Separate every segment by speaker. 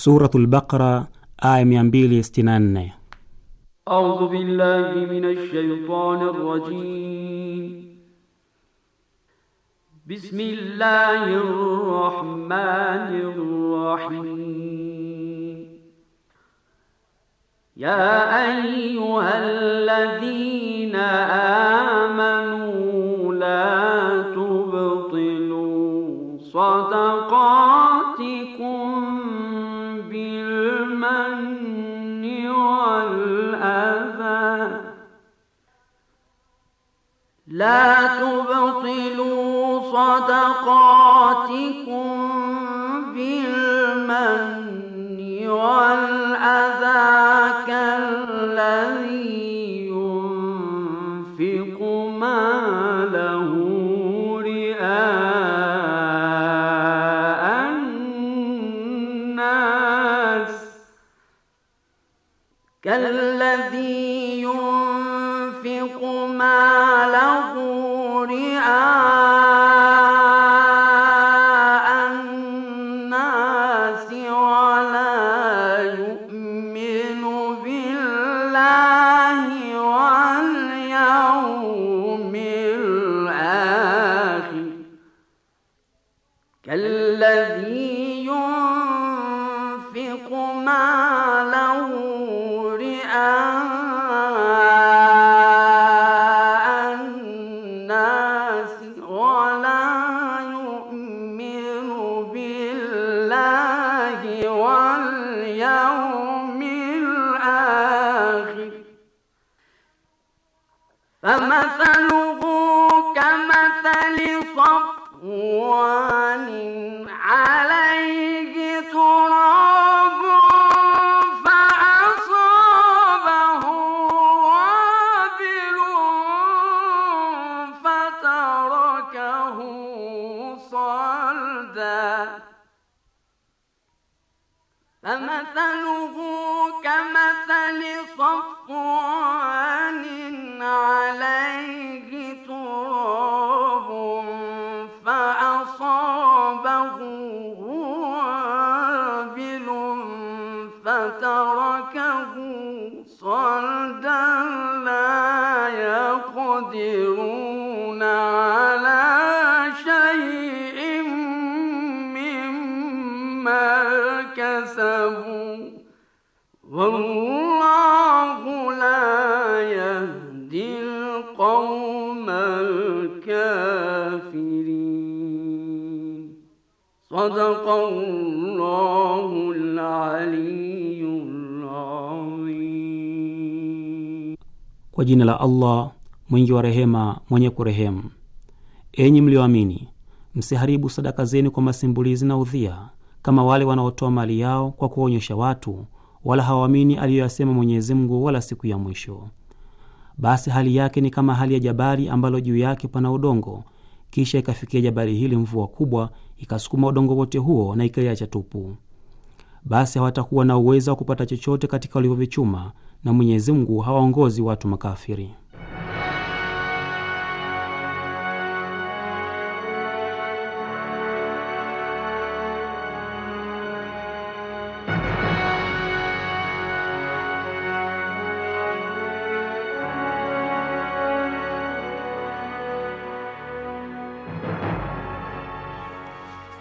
Speaker 1: Surat al-Baqara aya 264.
Speaker 2: Audhu billahi minash shaitanir rajim. Bismillahir rahmanir rahim. Ya ayyuhalladhina amanu la tubtilu صدقاتكم لا تبطلوا صدقاتكم بالمن والأذى كالذي كالذين
Speaker 1: Kwa jina la Allah mwingi wa rehema mwenye kurehemu. Enyi mlioamini, msiharibu sadaka zenu kwa masimbulizi na udhia, kama wale wanaotoa mali yao kwa kuwaonyesha watu, wala hawaamini aliyoyasema Mwenyezi Mungu wala siku ya mwisho. Basi hali yake ni kama hali ya jabari ambalo juu yake pana udongo kisha ikafikia jabali hili mvua kubwa ikasukuma udongo wote huo na ikaiacha tupu. Basi hawatakuwa na uwezo wa kupata chochote katika walivyovichuma, na Mwenyezi Mungu hawaongozi watu makafiri.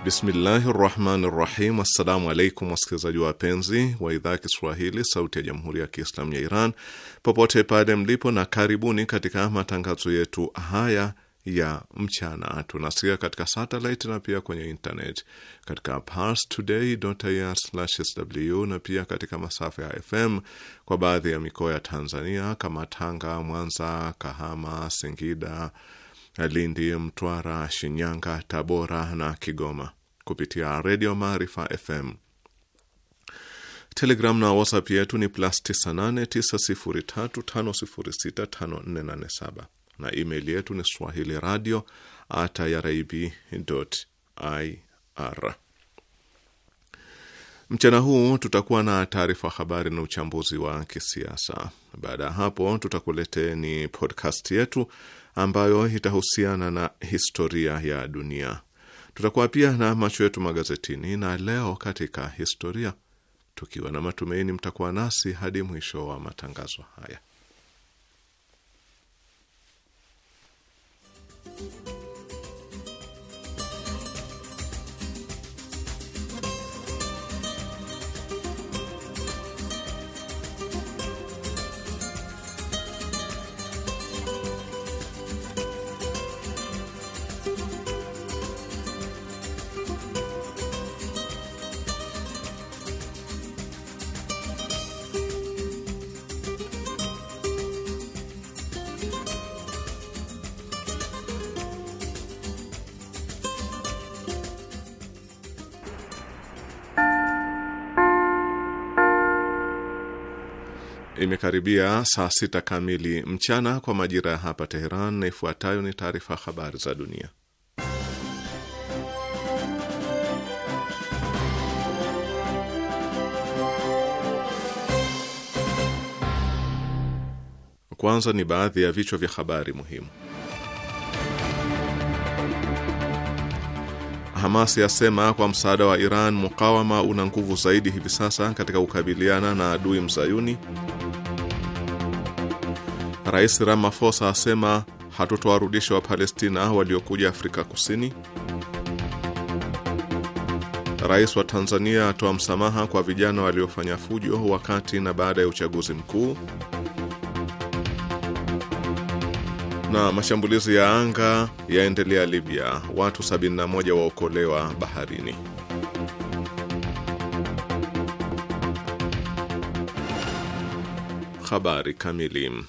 Speaker 3: Bismillahi rahmani rahim. Assalamu alaikum wasikilizaji wapenzi wa idhaa ya Kiswahili sauti ya jamhuri ya Kiislamu ya Iran popote pale mlipo, na karibuni katika matangazo yetu haya ya mchana. Tunasikia katika satelit na pia kwenye internet katika parstoday.ir/sw na pia katika masafa ya FM kwa baadhi ya mikoa ya Tanzania kama Tanga, Mwanza, Kahama, Singida, Lindi, Mtwara, Shinyanga, Tabora na Kigoma kupitia redio Maarifa FM. Telegram na WhatsApp yetu ni plus 989035065487 na email yetu ni swahili radio at irib.ir. Mchana huu tutakuwa na taarifa habari na uchambuzi wa kisiasa. Baada ya hapo, tutakuleteni podcast yetu ambayo itahusiana na historia ya dunia. Tutakuwa pia na macho yetu magazetini na leo katika historia, tukiwa na matumaini mtakuwa nasi hadi mwisho wa matangazo haya. Imekaribia saa sita kamili mchana kwa majira ya hapa Teheran, na ifuatayo ni taarifa habari za dunia. Kwanza ni baadhi ya vichwa vya habari muhimu. Hamas yasema kwa msaada wa Iran mukawama una nguvu zaidi hivi sasa katika kukabiliana na adui mzayuni. Rais Ramaphosa asema hatutowarudisha Wapalestina waliokuja Afrika Kusini. Rais wa Tanzania atoa msamaha kwa vijana waliofanya fujo wakati na baada ya uchaguzi mkuu. Na mashambulizi ya anga yaendelea Libya, watu 71 waokolewa baharini. Habari kamili.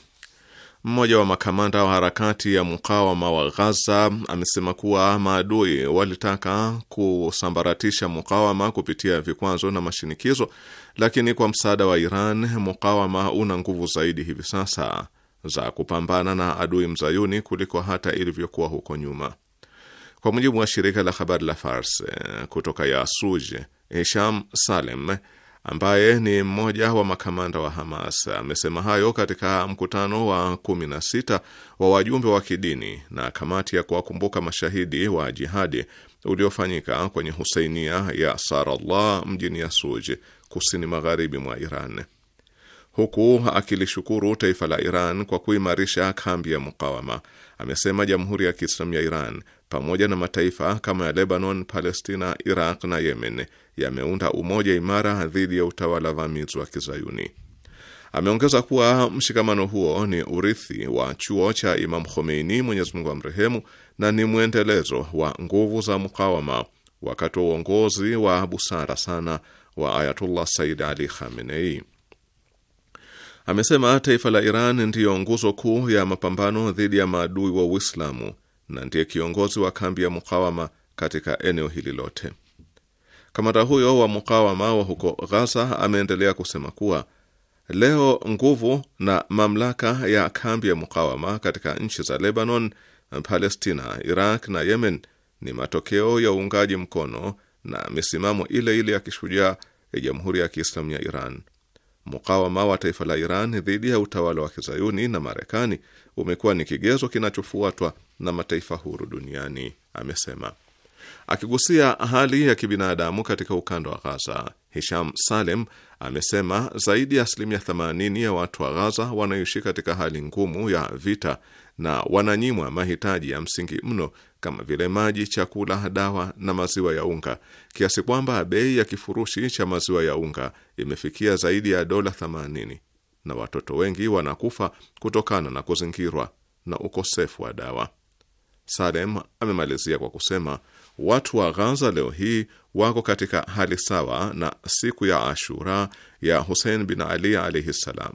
Speaker 3: Mmoja wa makamanda wa harakati ya mukawama wa Ghaza amesema kuwa maadui walitaka kusambaratisha mukawama kupitia vikwazo na mashinikizo, lakini kwa msaada wa Iran mukawama una nguvu zaidi hivi sasa za kupambana na adui mzayuni kuliko hata ilivyokuwa huko nyuma. Kwa mujibu wa shirika la habari la Fars eh, kutoka Yasuj, Hisham Salem ambaye ni mmoja wa makamanda wa Hamas amesema hayo katika mkutano wa 16 wa wajumbe wa kidini na kamati ya kuwakumbuka mashahidi wa jihadi uliofanyika kwenye Husainia ya Sarallah mjini Yasuj, kusini magharibi mwa Iran, huku akilishukuru taifa la Iran kwa kuimarisha kambi ya mukawama amesema Jamhuri ya Kiislamu ya Iran pamoja na mataifa kama ya Lebanon, Palestina, Iraq na Yemen yameunda umoja imara dhidi ya utawala vamizi wa Kizayuni. Ameongeza kuwa mshikamano huo ni urithi wa chuo cha Imam Khomeini, Mwenyezi Mungu amrehemu, na ni mwendelezo wa nguvu za mukawama wakati wa uongozi wa busara sana wa Ayatullah Said Ali Khamenei. Amesema taifa la Iran ndiyo nguzo kuu ya mapambano dhidi ya maadui wa Uislamu na ndiye kiongozi wa kambi ya mukawama katika eneo hili lote. Kamanda huyo wa mukawama wa huko Ghaza ameendelea kusema kuwa leo nguvu na mamlaka ya kambi ya mukawama katika nchi za Lebanon, Palestina, Iraq na Yemen ni matokeo ya uungaji mkono na misimamo ile ile ya kishujaa ya Jamhuri ya Kiislamu ya Iran. Mukawama wa taifa la Iran dhidi ya utawala wa kizayuni na Marekani umekuwa ni kigezo kinachofuatwa na mataifa huru duniani, amesema. Akigusia hali ya kibinadamu katika ukanda wa Ghaza, Hisham Salem amesema zaidi ya asilimia 80 ya watu wa Ghaza wanaishi katika hali ngumu ya vita na wananyimwa mahitaji ya msingi mno kama vile maji, chakula, dawa na maziwa ya unga, kiasi kwamba bei ya kifurushi cha maziwa ya unga imefikia zaidi ya dola 80 na watoto wengi wanakufa kutokana na kuzingirwa na ukosefu wa dawa. Salem amemalizia kwa kusema watu wa Ghaza leo hii wako katika hali sawa na siku ya Ashura ya Husein bin Ali alaihi ssalam.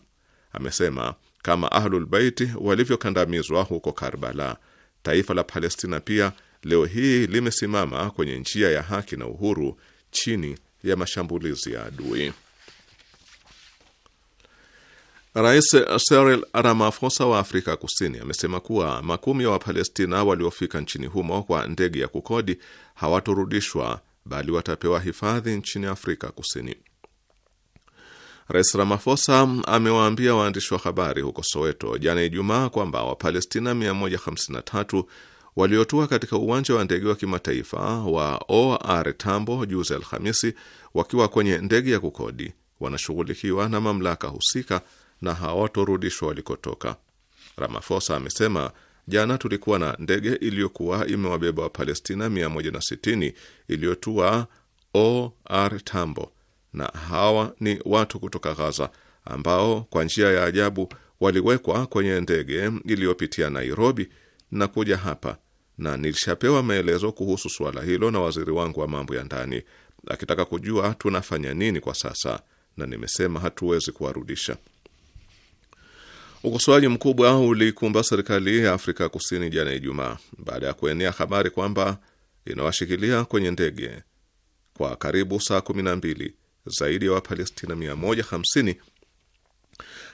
Speaker 3: Amesema kama Ahlulbeiti walivyokandamizwa huko Karbala Taifa la Palestina pia leo hii limesimama kwenye njia ya haki na uhuru chini ya mashambulizi ya adui. Rais Cyril Ramaphosa wa Afrika Kusini amesema kuwa makumi ya Wapalestina waliofika nchini humo kwa ndege ya kukodi hawatorudishwa bali watapewa hifadhi nchini Afrika Kusini. Rais Ramaphosa amewaambia waandishi wa habari huko Soweto jana Ijumaa kwamba Wapalestina 153 waliotua katika uwanja wa ndege wa kimataifa wa OR Tambo juzi Alhamisi wakiwa kwenye ndege ya kukodi wanashughulikiwa na mamlaka husika na hawatorudishwa walikotoka. Ramaphosa amesema Jana tulikuwa na ndege iliyokuwa imewabeba Wapalestina 160 iliyotua OR Tambo na hawa ni watu kutoka Ghaza ambao kwa njia ya ajabu waliwekwa kwenye ndege iliyopitia Nairobi na kuja hapa, na nilishapewa maelezo kuhusu suala hilo na waziri wangu wa mambo ya ndani akitaka kujua tunafanya nini kwa sasa, na nimesema hatuwezi kuwarudisha. Ukosoaji mkubwa ulikumba serikali ya Afrika Kusini jana Ijumaa baada ya kuenea habari kwamba inawashikilia kwenye ndege kwa karibu saa kumi na mbili zaidi ya Wapalestina 150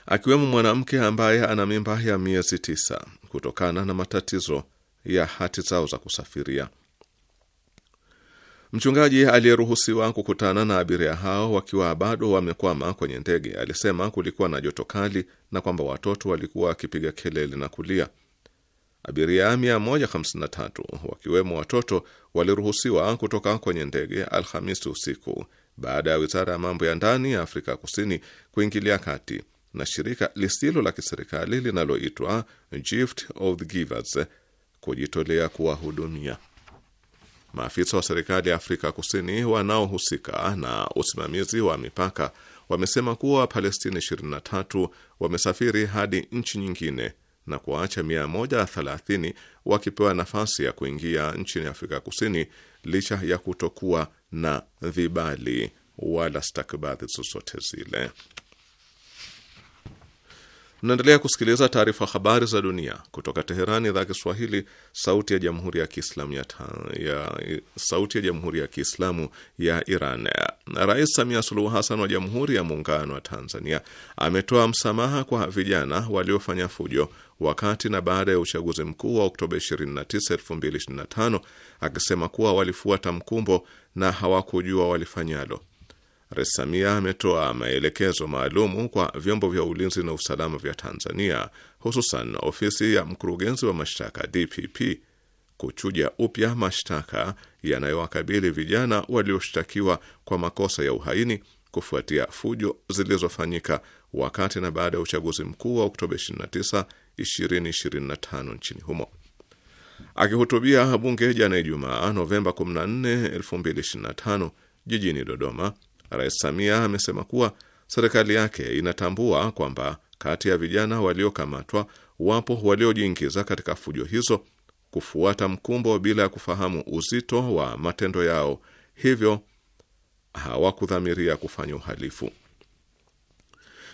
Speaker 3: akiwemo mwanamke ambaye ana mimba ya miezi tisa kutokana na matatizo ya hati zao za kusafiria. Mchungaji aliyeruhusiwa kukutana na abiria hao wakiwa bado wamekwama kwenye ndege alisema kulikuwa na joto kali na kwamba watoto walikuwa wakipiga kelele na kulia. Abiria 153 wakiwemo watoto waliruhusiwa kutoka kwenye ndege Alhamisi usiku baada ya wizara ya mambo ya ndani ya Afrika Kusini kuingilia kati na shirika lisilo la kiserikali linaloitwa Gift of the Givers kujitolea kuwahudumia. Maafisa wa serikali ya Afrika Kusini wanaohusika na usimamizi wa mipaka wamesema kuwa Wapalestini 23 wamesafiri hadi nchi nyingine na kuwaacha 130 wakipewa nafasi ya kuingia nchini Afrika Kusini licha ya kutokuwa na vibali wala stakabadhi zozote zile. Mnaendelea kusikiliza taarifa habari za dunia kutoka Teherani, idhaa Kiswahili, sauti ya jamhuri ya kiislamu ya, ya, sauti ya jamhuri ya kiislamu ya Iran. Rais Samia Suluhu Hassan wa Jamhuri ya Muungano wa Tanzania ametoa msamaha kwa vijana waliofanya fujo wakati na baada ya uchaguzi mkuu wa Oktoba 29, 2025 akisema kuwa walifuata mkumbo na hawakujua walifanyalo. Rais Samia ametoa maelekezo maalumu kwa vyombo vya ulinzi na usalama vya Tanzania, hususan ofisi ya mkurugenzi wa mashtaka DPP kuchuja upya mashtaka yanayowakabili vijana walioshtakiwa kwa makosa ya uhaini kufuatia fujo zilizofanyika wakati na baada ya uchaguzi mkuu wa Oktoba 29, 2025 nchini humo. Akihutubia bunge jana Ijumaa, Novemba 14, 2025 jijini Dodoma, Rais Samia amesema kuwa serikali yake inatambua kwamba kati ya vijana waliokamatwa wapo waliojiingiza katika fujo hizo kufuata mkumbo bila ya kufahamu uzito wa matendo yao, hivyo hawakudhamiria kufanya uhalifu.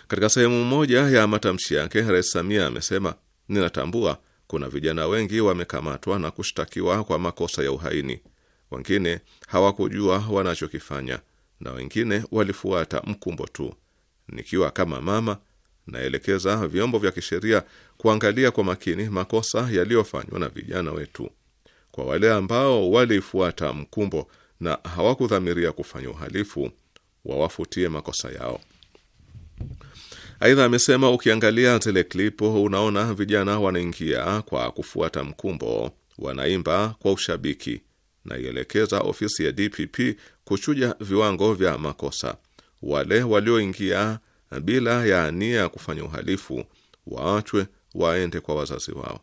Speaker 3: Katika sehemu moja ya matamshi yake, Rais Samia amesema, ninatambua kuna vijana wengi wamekamatwa na kushtakiwa kwa makosa ya uhaini, wengine hawakujua wanachokifanya na wengine walifuata mkumbo tu. Nikiwa kama mama, naelekeza vyombo vya kisheria kuangalia kwa makini makosa yaliyofanywa na vijana wetu. Kwa wale ambao walifuata mkumbo na hawakudhamiria kufanya uhalifu, wawafutie makosa yao. Aidha amesema ukiangalia zile klipu unaona vijana wanaingia kwa kufuata mkumbo, wanaimba kwa ushabiki, naielekeza ofisi ya DPP kuchuja viwango vya makosa. Wale walioingia bila ya nia ya kufanya uhalifu waachwe waende kwa wazazi wao.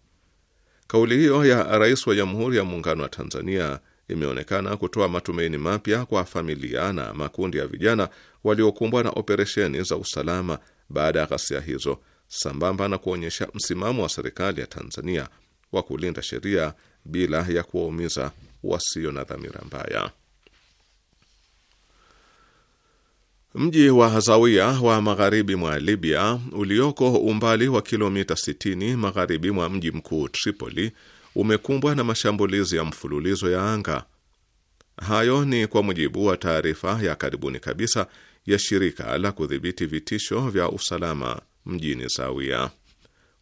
Speaker 3: Kauli hiyo ya Rais wa Jamhuri ya Muungano wa Tanzania imeonekana kutoa matumaini mapya kwa familia na makundi ya vijana waliokumbwa na operesheni za usalama baada ya ghasia hizo, sambamba na kuonyesha msimamo wa serikali ya Tanzania wa kulinda sheria bila ya kuwaumiza wasio na dhamira mbaya. Mji wa Zawia wa magharibi mwa Libya ulioko umbali wa kilomita 60 magharibi mwa mji mkuu Tripoli umekumbwa na mashambulizi ya mfululizo ya anga. Hayo ni kwa mujibu wa taarifa ya karibuni kabisa ya shirika la kudhibiti vitisho vya usalama mjini Zawia.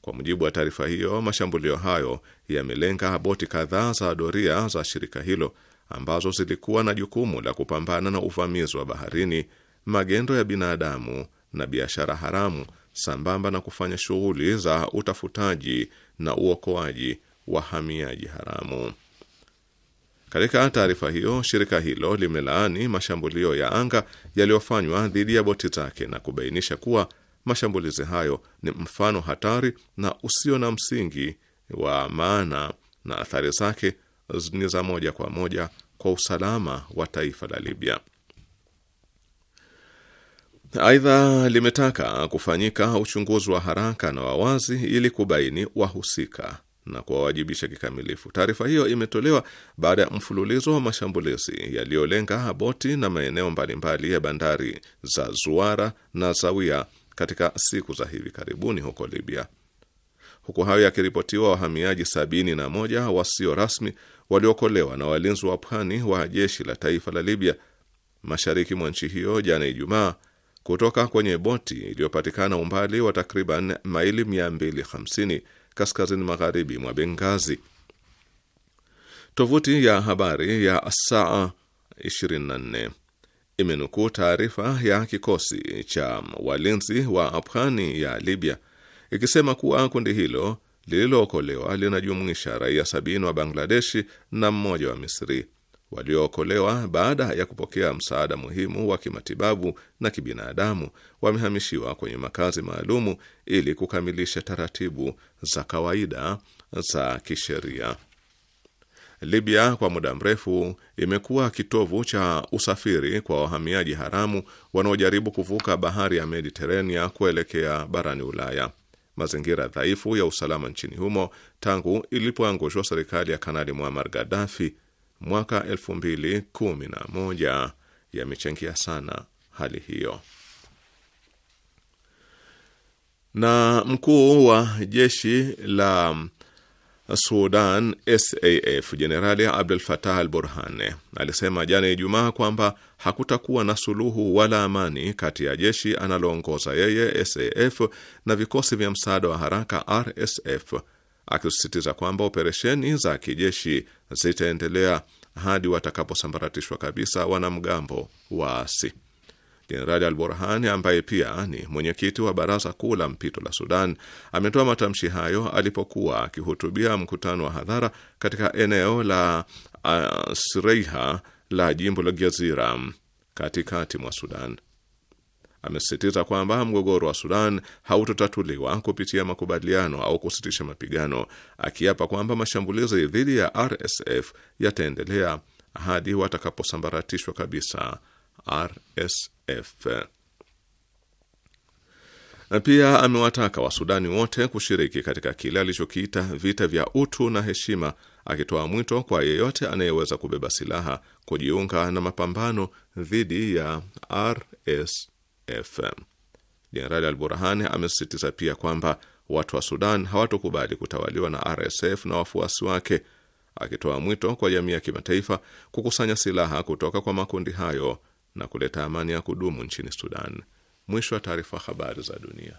Speaker 3: Kwa mujibu wa taarifa hiyo, mashambulio hayo yamelenga boti kadhaa za doria za shirika hilo ambazo zilikuwa na jukumu la kupambana na uvamizi wa baharini, magendo ya binadamu na biashara haramu, sambamba na kufanya shughuli za utafutaji na uokoaji wahamiaji haramu. Katika taarifa hiyo, shirika hilo limelaani mashambulio ya anga yaliyofanywa dhidi ya boti zake na kubainisha kuwa mashambulizi hayo ni mfano hatari na usio na msingi wa maana na athari zake ni za moja kwa moja kwa usalama wa taifa la Libya. Aidha, limetaka kufanyika uchunguzi wa haraka na wawazi ili kubaini wahusika na kuwawajibisha kikamilifu. Taarifa hiyo imetolewa baada ya mfululizo wa mashambulizi yaliyolenga boti na maeneo mbalimbali ya bandari za Zuara na Zawia katika siku za hivi karibuni huko Libya. Huku hayo yakiripotiwa, wahamiaji sabini na moja wasio rasmi waliokolewa na walinzi wa pwani wa jeshi la taifa la Libya mashariki mwa nchi hiyo jana Ijumaa kutoka kwenye boti iliyopatikana umbali wa takriban maili 250 kaskazini magharibi mwa Bengazi. Tovuti ya habari ya Saa 24 imenukuu taarifa ya kikosi cha walinzi wa Afghani ya Libya ikisema kuwa kundi hilo lililookolewa linajumuisha raia sabini wa Bangladeshi na mmoja wa Misri waliookolewa baada ya kupokea msaada muhimu wa kimatibabu na kibinadamu wamehamishiwa kwenye makazi maalumu ili kukamilisha taratibu za kawaida za kisheria. Libya kwa muda mrefu imekuwa kitovu cha usafiri kwa wahamiaji haramu wanaojaribu kuvuka bahari ya Mediterania kuelekea barani Ulaya. Mazingira dhaifu ya usalama nchini humo tangu ilipoangushwa serikali ya Kanali Muammar Gaddafi mwaka 2011 yamechangia sana hali hiyo. Na mkuu wa jeshi la Sudan SAF Jenerali abdul fatah al Burhane alisema jana Ijumaa kwamba hakutakuwa na suluhu wala amani kati ya jeshi analoongoza yeye SAF na vikosi vya msaada wa haraka RSF, akisisitiza kwamba operesheni za kijeshi zitaendelea hadi watakaposambaratishwa kabisa wanamgambo waasi. Jenerali Al Burhan ambaye pia ni mwenyekiti wa baraza kuu la mpito la Sudan ametoa matamshi hayo alipokuwa akihutubia mkutano wa hadhara katika eneo la uh, sreiha la jimbo la Jazira katikati mwa Sudan. Amesisitiza kwamba mgogoro wa Sudan hautotatuliwa kupitia makubaliano au kusitisha mapigano, akiapa kwamba mashambulizi dhidi ya RSF yataendelea hadi watakaposambaratishwa kabisa RSF. IGF. Pia amewataka Wasudani wote kushiriki katika kile alichokiita vita vya utu na heshima, akitoa mwito kwa yeyote anayeweza kubeba silaha kujiunga na mapambano dhidi ya RSF. Jenerali Al Burhan amesisitiza pia kwamba watu wa Sudan hawatokubali kutawaliwa na RSF na wafuasi wake, akitoa mwito kwa jamii ya kimataifa kukusanya silaha kutoka kwa makundi hayo na kuleta amani ya kudumu nchini Sudan. Mwisho wa taarifa. Habari za dunia.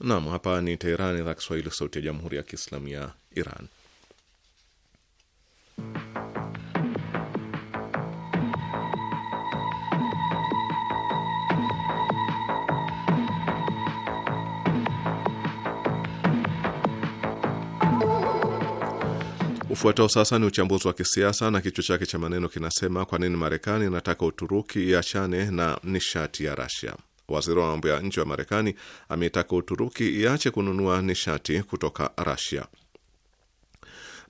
Speaker 3: Naam, hapa ni Teherani, idhaa Kiswahili, sauti ya jamhuri ya kiislamu ya Iran. Ufuatao sasa ni uchambuzi wa kisiasa na kichwa chake cha maneno kinasema: kwa nini Marekani inataka Uturuki iachane na nishati ya Rasia? Waziri wa mambo ya nje wa Marekani ameitaka Uturuki iache kununua nishati kutoka Rasia.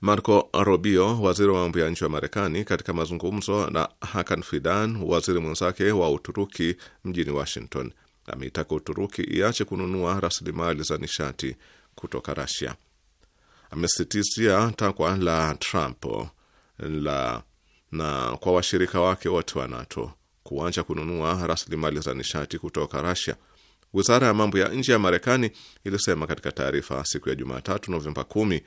Speaker 3: Marco Rubio, waziri wa mambo ya nje wa Marekani, katika mazungumzo na Hakan Fidan, waziri mwenzake wa Uturuki mjini Washington, ameitaka Uturuki iache kununua rasilimali za nishati kutoka Rasia amesitisia takwa la Trump la na kwa washirika wake wote wa NATO kuanja kununua rasilimali za nishati kutoka Russia. Wizara ya mambo ya nje ya Marekani ilisema katika taarifa siku ya Jumatatu Novemba 10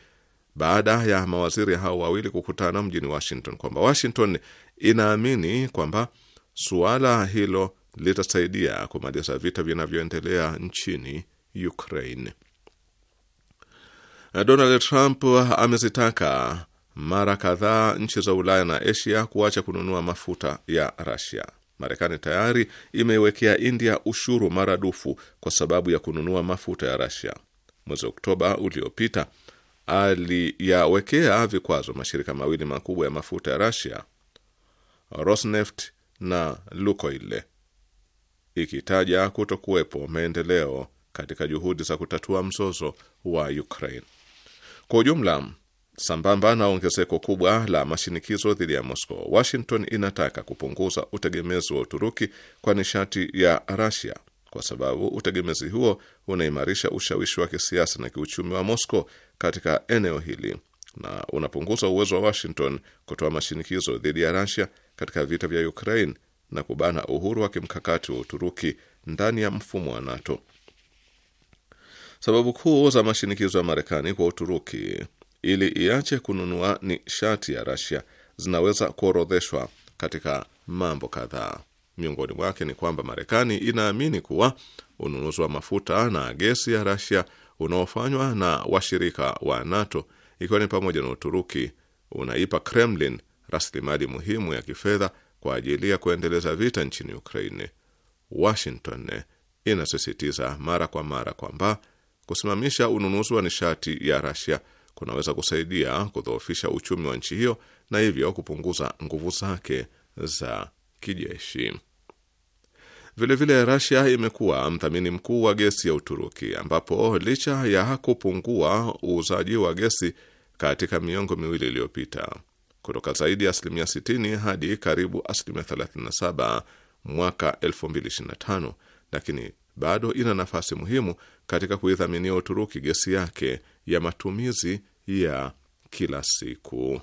Speaker 3: baada ya mawaziri hao wawili kukutana mjini Washington kwamba Washington inaamini kwamba suala hilo litasaidia kumaliza vita vinavyoendelea nchini Ukraine. Donald Trump amezitaka mara kadhaa nchi za Ulaya na Asia kuacha kununua mafuta ya Rasia. Marekani tayari imeiwekea India ushuru maradufu kwa sababu ya kununua mafuta ya Rasia. Mwezi Oktoba uliopita aliyawekea vikwazo mashirika mawili makubwa ya mafuta ya Rasia, Rosneft na Lukoil, ikitaja kutokuwepo maendeleo katika juhudi za kutatua mzozo wa Ukraine. Kwa ujumla, sambamba na ongezeko kubwa la mashinikizo dhidi ya Moscow, Washington inataka kupunguza utegemezi wa Uturuki kwa nishati ya rasia kwa sababu utegemezi huo unaimarisha ushawishi wa kisiasa na kiuchumi wa Moscow katika eneo hili na unapunguza uwezo wa Washington kutoa mashinikizo dhidi ya rasia katika vita vya Ukraine na kubana uhuru wa kimkakati wa Uturuki ndani ya mfumo wa NATO. Sababu kuu za mashinikizo ya Marekani kwa Uturuki ili iache kununua nishati ya Rasia zinaweza kuorodheshwa katika mambo kadhaa. Miongoni mwake ni kwamba Marekani inaamini kuwa ununuzi wa mafuta na gesi ya Rasia unaofanywa na washirika wa NATO ikiwa ni pamoja na Uturuki unaipa Kremlin rasilimali muhimu ya kifedha kwa ajili ya kuendeleza vita nchini Ukraine. Washington inasisitiza mara kwa mara kwamba kusimamisha ununuzi wa nishati ya Rasia kunaweza kusaidia kudhoofisha uchumi wa nchi hiyo na hivyo kupunguza nguvu zake za kijeshi. Vilevile, Rasia imekuwa mdhamini mkuu wa gesi ya Uturuki, ambapo licha ya kupungua uuzaji wa gesi katika miongo miwili iliyopita kutoka zaidi ya asilimia 60 hadi karibu asilimia 37 mwaka 2025, lakini bado ina nafasi muhimu katika kuidhaminia Uturuki gesi yake ya matumizi ya kila siku.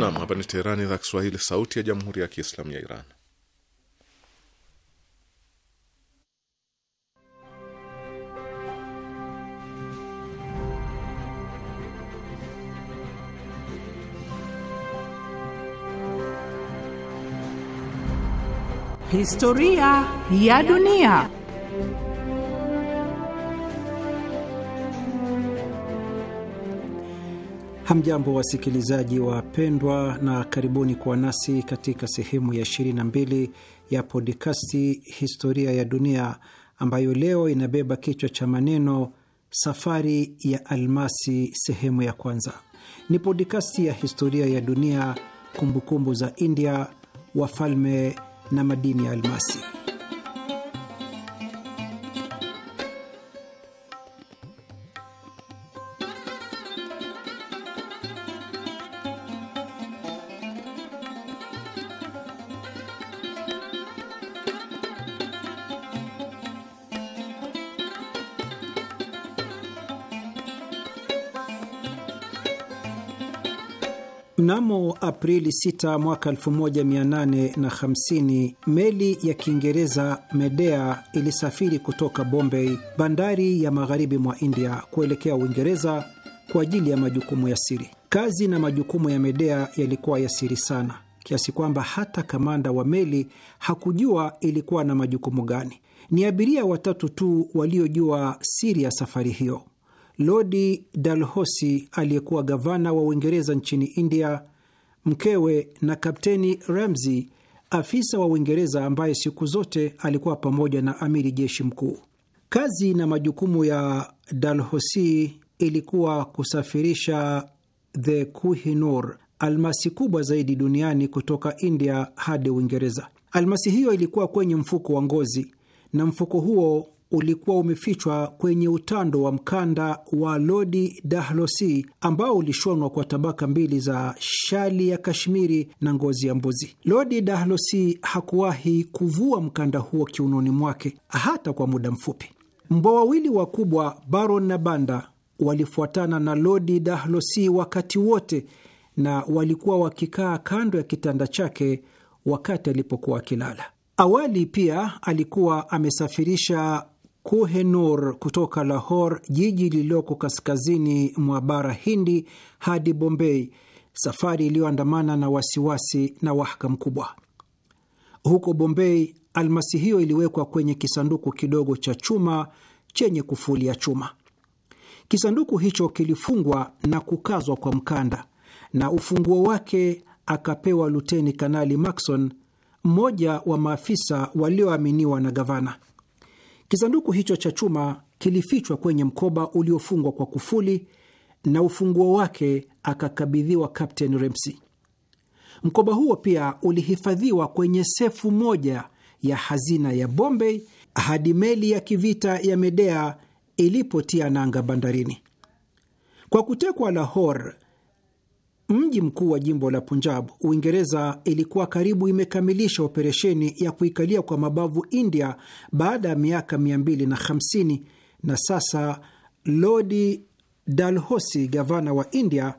Speaker 3: Nam, hapa ni Teherani, idhaa Kiswahili, sauti ya jamhuri ya kiislamu ya Iran.
Speaker 2: Historia ya dunia.
Speaker 1: Hamjambo wasikilizaji wapendwa, na karibuni kuwa nasi katika sehemu ya 22 ya podikasti Historia ya Dunia, ambayo leo inabeba kichwa cha maneno Safari ya Almasi, sehemu ya kwanza. Ni podikasti ya historia ya dunia, kumbukumbu kumbu za India, wafalme na madini ya almasi. Mnamo Aprili 6 mwaka 1850 meli ya Kiingereza Medea ilisafiri kutoka Bombay, bandari ya magharibi mwa India, kuelekea Uingereza kwa ajili ya majukumu ya siri. Kazi na majukumu ya Medea yalikuwa ya siri sana kiasi kwamba hata kamanda wa meli hakujua ilikuwa na majukumu gani. Ni abiria watatu tu waliojua siri ya safari hiyo. Lodi dalhosi aliyekuwa gavana wa Uingereza nchini India, mkewe na Kapteni Ramsey, afisa wa Uingereza ambaye siku zote alikuwa pamoja na amiri jeshi mkuu. Kazi na majukumu ya dalhosi ilikuwa kusafirisha the Kohinoor, almasi kubwa zaidi duniani kutoka India hadi Uingereza. Almasi hiyo ilikuwa kwenye mfuko wa ngozi na mfuko huo ulikuwa umefichwa kwenye utando wa mkanda wa lodi dahlosi ambao ulishonwa kwa tabaka mbili za shali ya Kashmiri na ngozi ya mbuzi. Lodi dahlosi hakuwahi kuvua mkanda huo kiunoni mwake hata kwa muda mfupi. Mbwa wawili wakubwa Baron na Banda walifuatana na Lodi Dahlosi wakati wote na walikuwa wakikaa kando ya kitanda chake wakati alipokuwa akilala. Awali pia alikuwa amesafirisha koh kutoka Lahore, jiji lililoko kaskazini mwa bara Hindi, hadi bombei safari iliyoandamana na wasiwasi na wahaka mkubwa. Huko bombei almasi hiyo iliwekwa kwenye kisanduku kidogo cha chuma chenye kufuli ya chuma. Kisanduku hicho kilifungwa na kukazwa kwa mkanda, na ufunguo wake akapewa Luteni Kanali Maxon, mmoja wa maafisa walioaminiwa na gavana. Kisanduku hicho cha chuma kilifichwa kwenye mkoba uliofungwa kwa kufuli na ufunguo wake akakabidhiwa Captain Ramsey. Mkoba huo pia ulihifadhiwa kwenye sefu moja ya hazina ya Bombay hadi meli ya kivita ya Medea ilipotia nanga bandarini. Kwa kutekwa Lahore, Mji mkuu wa jimbo la Punjab, Uingereza ilikuwa karibu imekamilisha operesheni ya kuikalia kwa mabavu India baada ya miaka 250 na sasa Lodi Dalhosi, gavana wa India,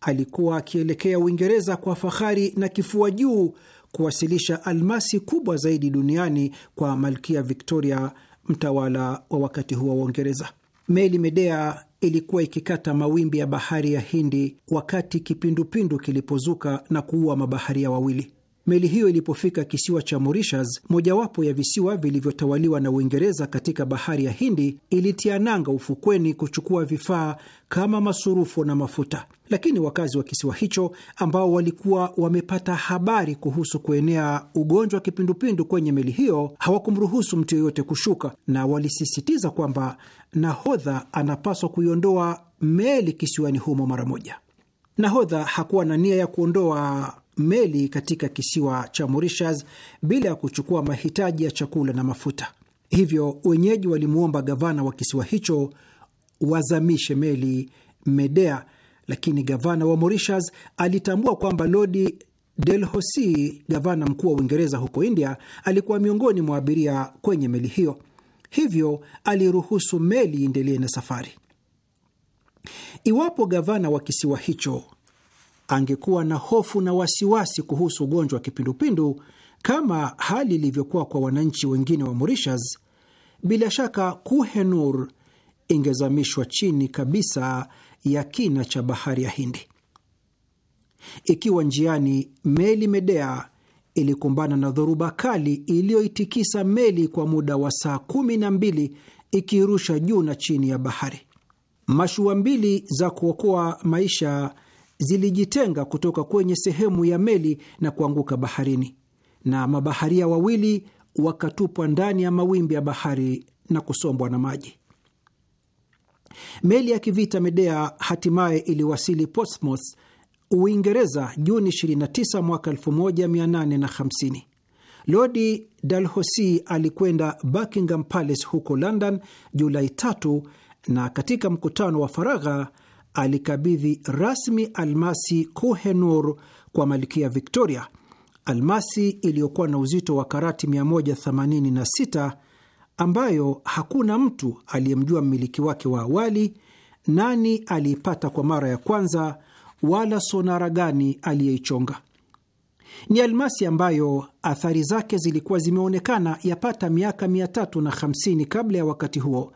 Speaker 1: alikuwa akielekea Uingereza kwa fahari na kifua juu kuwasilisha almasi kubwa zaidi duniani kwa malkia Victoria, mtawala wa wakati huo wa Uingereza. Meli Medea ilikuwa ikikata mawimbi ya bahari ya Hindi wakati kipindupindu kilipozuka na kuua mabaharia wawili. Meli hiyo ilipofika kisiwa cha Morishas, mojawapo ya visiwa vilivyotawaliwa na Uingereza katika bahari ya Hindi, ilitia nanga ufukweni kuchukua vifaa kama masurufu na mafuta. Lakini wakazi wa kisiwa hicho ambao walikuwa wamepata habari kuhusu kuenea ugonjwa wa kipindupindu kwenye meli hiyo hawakumruhusu mtu yoyote kushuka, na walisisitiza kwamba nahodha anapaswa kuiondoa meli kisiwani humo mara moja. Nahodha hakuwa na nia ya kuondoa meli katika kisiwa cha Mauritius bila ya kuchukua mahitaji ya chakula na mafuta, hivyo wenyeji walimwomba gavana wa kisiwa hicho wazamishe meli Medea, lakini gavana wa Mauritius alitambua kwamba Lodi Delhosi, gavana mkuu wa Uingereza huko India, alikuwa miongoni mwa abiria kwenye meli hiyo hivyo aliruhusu meli iendelee na safari. Iwapo gavana wa kisiwa hicho angekuwa na hofu na wasiwasi kuhusu ugonjwa wa kipindupindu kama hali ilivyokuwa kwa wananchi wengine wa Mauritius, bila shaka Kuhenur ingezamishwa chini kabisa ya kina cha bahari ya Hindi. Ikiwa njiani, meli Medea ilikumbana na dhoruba kali iliyoitikisa meli kwa muda wa saa kumi na mbili ikiirusha juu na chini ya bahari. Mashua mbili za kuokoa maisha zilijitenga kutoka kwenye sehemu ya meli na kuanguka baharini, na mabaharia wawili wakatupwa ndani ya mawimbi ya bahari na kusombwa na maji. Meli ya kivita Medea hatimaye iliwasili Portsmouth Uingereza, Juni 29 mwaka 1850. Lodi Dalhousie alikwenda Buckingham Palace huko London Julai tatu, na katika mkutano wa faragha alikabidhi rasmi almasi Kohinoor kwa Malkia Victoria, almasi iliyokuwa na uzito wa karati 186 ambayo hakuna mtu aliyemjua mmiliki wake wa awali, nani aliipata kwa mara ya kwanza wala sonara gani aliyeichonga. Ni almasi ambayo athari zake zilikuwa zimeonekana yapata miaka 350 kabla ya wakati huo,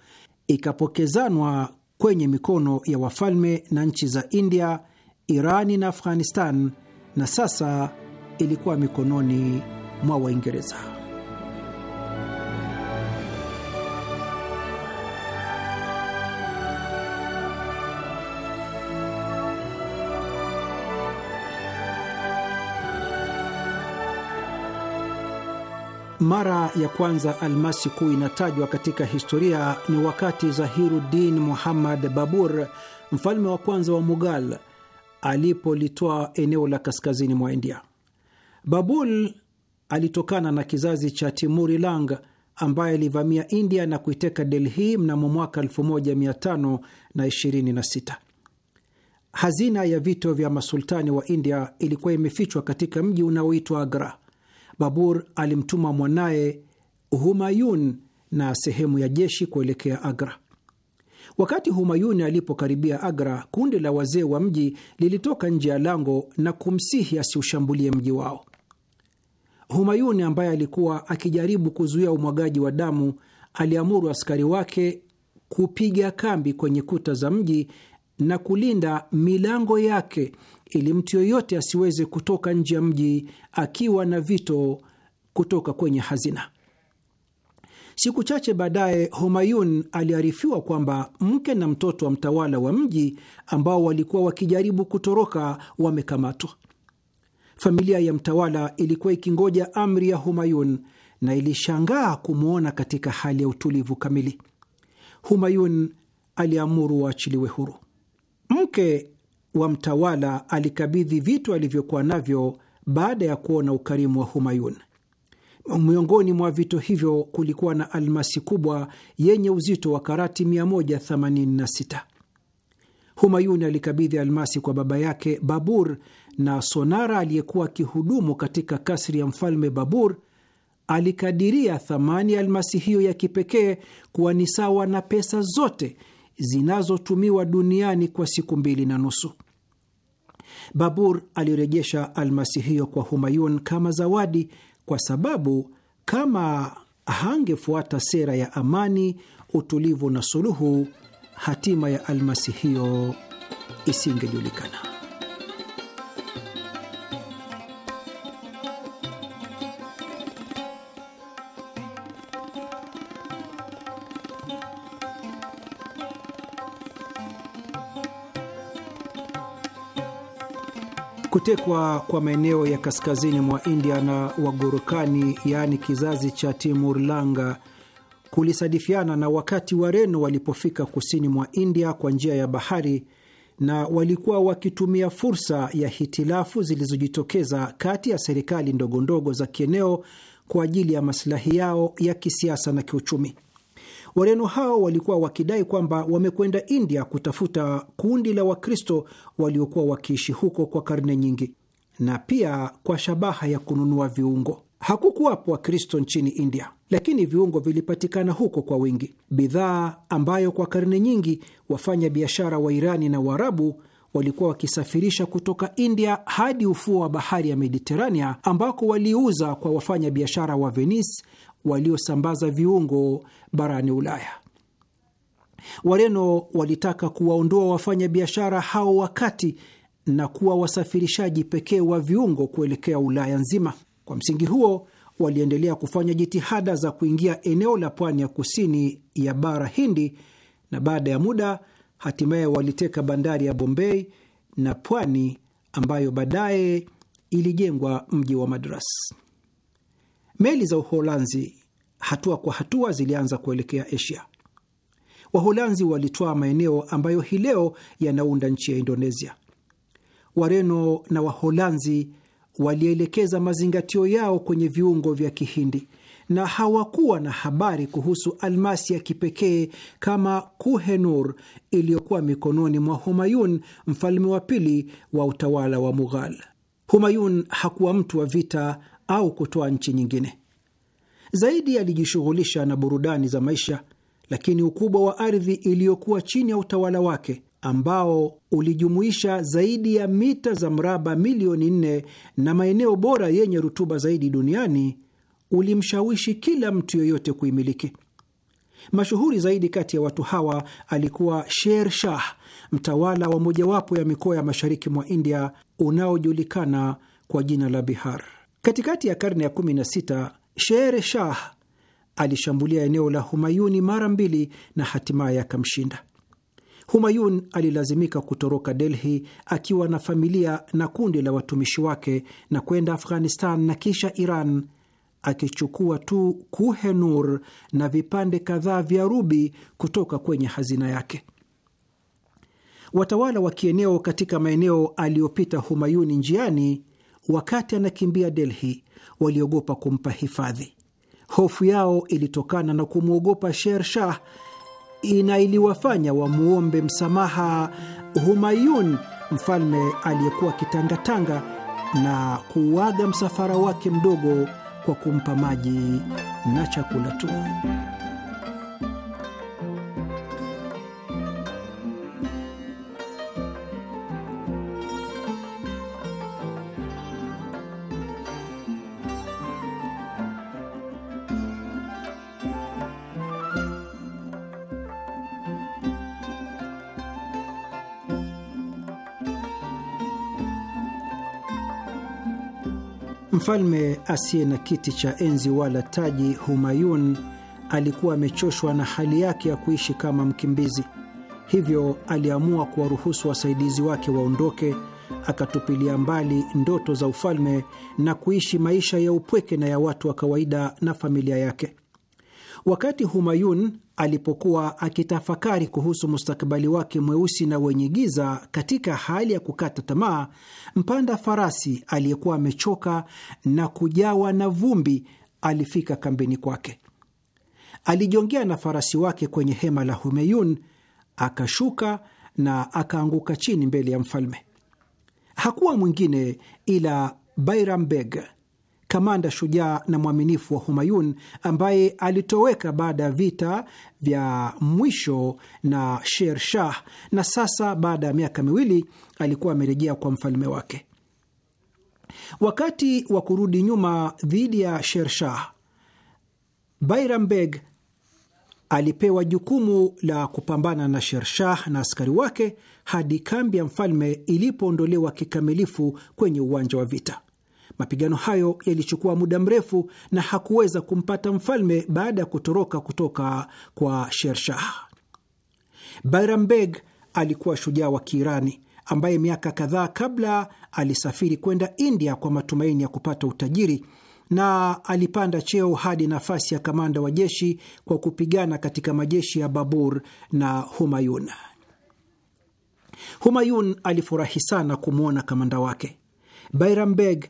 Speaker 1: ikapokezanwa kwenye mikono ya wafalme na nchi za India, Irani na Afghanistan, na sasa ilikuwa mikononi mwa Waingereza. Mara ya kwanza almasi kuu inatajwa katika historia ni wakati Zahiruddin Muhammad Babur, mfalme wa kwanza wa Mughal, alipolitoa eneo la kaskazini mwa India. Babul alitokana na kizazi cha Timuri Lang ambaye alivamia India na kuiteka Delhi mnamo mwaka 1526. Hazina ya vito vya masultani wa India ilikuwa imefichwa katika mji unaoitwa Agra. Babur alimtuma mwanaye Humayun na sehemu ya jeshi kuelekea Agra. Wakati Humayuni alipokaribia Agra, kundi la wazee wa mji lilitoka nje ya lango na kumsihi asiushambulie mji wao. Humayuni ambaye alikuwa akijaribu kuzuia umwagaji wa damu, aliamuru askari wake kupiga kambi kwenye kuta za mji na kulinda milango yake ili mtu yoyote asiweze kutoka nje ya mji akiwa na vito kutoka kwenye hazina. Siku chache baadaye, Homayun aliarifiwa kwamba mke na mtoto wa mtawala wa mji ambao walikuwa wakijaribu kutoroka wamekamatwa. Familia ya mtawala ilikuwa ikingoja amri ya Humayun na ilishangaa kumwona katika hali ya utulivu kamili. Humayun aliamuru waachiliwe huru. Mke wa mtawala alikabidhi vitu alivyokuwa navyo baada ya kuona ukarimu wa Humayun. Miongoni mwa vitu hivyo kulikuwa na almasi kubwa yenye uzito wa karati 186. Humayun alikabidhi almasi kwa baba yake Babur, na sonara aliyekuwa akihudumu katika kasri ya mfalme Babur alikadiria thamani ya almasi hiyo ya kipekee kuwa ni sawa na pesa zote zinazotumiwa duniani kwa siku mbili na nusu. Babur alirejesha almasi kwa Humayun kama zawadi, kwa sababu kama hangefuata sera ya amani, utulivu na suluhu, hatima ya almasi hiyo isingejulikana. Kutekwa kwa maeneo ya kaskazini mwa India na Wagorokani, yaani kizazi cha Timur Langa, kulisadifiana na wakati Wareno walipofika kusini mwa India kwa njia ya bahari, na walikuwa wakitumia fursa ya hitilafu zilizojitokeza kati ya serikali ndogondogo za kieneo kwa ajili ya masilahi yao ya kisiasa na kiuchumi. Wareno hao walikuwa wakidai kwamba wamekwenda India kutafuta kundi la Wakristo waliokuwa wakiishi huko kwa karne nyingi na pia kwa shabaha ya kununua viungo. Hakukuwapo Wakristo nchini India, lakini viungo vilipatikana huko kwa wingi, bidhaa ambayo kwa karne nyingi wafanya biashara wa Irani na Waarabu walikuwa wakisafirisha kutoka India hadi ufuo wa bahari ya Mediterania ambako waliuza kwa wafanya biashara wa Venice waliosambaza viungo barani Ulaya. Wareno walitaka kuwaondoa wafanyabiashara hao wakati na kuwa wasafirishaji pekee wa viungo kuelekea Ulaya nzima. Kwa msingi huo, waliendelea kufanya jitihada za kuingia eneo la pwani ya kusini ya bara Hindi, na baada ya muda hatimaye waliteka bandari ya bombei na pwani ambayo baadaye ilijengwa mji wa Madras. Meli za Uholanzi hatua kwa hatua zilianza kuelekea Asia. Waholanzi walitwaa maeneo ambayo hii leo yanaunda nchi ya Indonesia. Wareno na Waholanzi walielekeza mazingatio yao kwenye viungo vya Kihindi na hawakuwa na habari kuhusu almasi ya kipekee kama Kuhenur iliyokuwa mikononi mwa Humayun, mfalme wa pili wa utawala wa Mughal. Humayun hakuwa mtu wa vita au kutoa nchi nyingine. Zaidi alijishughulisha na burudani za maisha, lakini ukubwa wa ardhi iliyokuwa chini ya utawala wake ambao ulijumuisha zaidi ya mita za mraba milioni nne na maeneo bora yenye rutuba zaidi duniani ulimshawishi kila mtu yoyote kuimiliki. Mashuhuri zaidi kati ya watu hawa alikuwa Sher Shah, mtawala wa mojawapo ya mikoa ya mashariki mwa India unaojulikana kwa jina la Bihar. Katikati ya karne ya Sher Shah alishambulia eneo la Humayuni mara mbili na hatimaye akamshinda. Humayun alilazimika kutoroka Delhi akiwa na familia na kundi la watumishi wake na kwenda Afghanistan na kisha Iran, akichukua tu Kuhe Nur na vipande kadhaa vya rubi kutoka kwenye hazina yake. Watawala wa kieneo katika maeneo aliyopita Humayuni njiani, wakati anakimbia Delhi, waliogopa kumpa hifadhi. Hofu yao ilitokana na kumwogopa Sher Shah na iliwafanya wamuombe msamaha Humayun, mfalme aliyekuwa akitangatanga, na kuuaga msafara wake mdogo kwa kumpa maji na chakula tu. Mfalme asiye na kiti cha enzi wala taji, Humayun alikuwa amechoshwa na hali yake ya kuishi kama mkimbizi, hivyo aliamua kuwaruhusu wasaidizi wake waondoke, akatupilia mbali ndoto za ufalme na kuishi maisha ya upweke na ya watu wa kawaida na familia yake. Wakati Humayun alipokuwa akitafakari kuhusu mustakabali wake mweusi na wenye giza. Katika hali ya kukata tamaa, mpanda farasi aliyekuwa amechoka na kujawa na vumbi alifika kambini kwake. Alijongea na farasi wake kwenye hema la Humeyun, akashuka na akaanguka chini mbele ya mfalme. Hakuwa mwingine ila Bairam Beg, kamanda shujaa na mwaminifu wa Humayun ambaye alitoweka baada ya vita vya mwisho na Sher Shah, na sasa baada ya miaka miwili alikuwa amerejea kwa mfalme wake. Wakati wa kurudi nyuma dhidi ya Sher Shah, Bayram Beg alipewa jukumu la kupambana na Shershah na askari wake hadi kambi ya mfalme ilipoondolewa kikamilifu kwenye uwanja wa vita. Mapigano hayo yalichukua muda mrefu na hakuweza kumpata mfalme baada ya kutoroka kutoka kwa Shershah. Bayram Beg alikuwa shujaa wa Kiirani ambaye miaka kadhaa kabla alisafiri kwenda India kwa matumaini ya kupata utajiri na alipanda cheo hadi nafasi ya kamanda wa jeshi kwa kupigana katika majeshi ya Babur na Humayun. Humayun alifurahi sana kumwona kamanda wake. Bayram Beg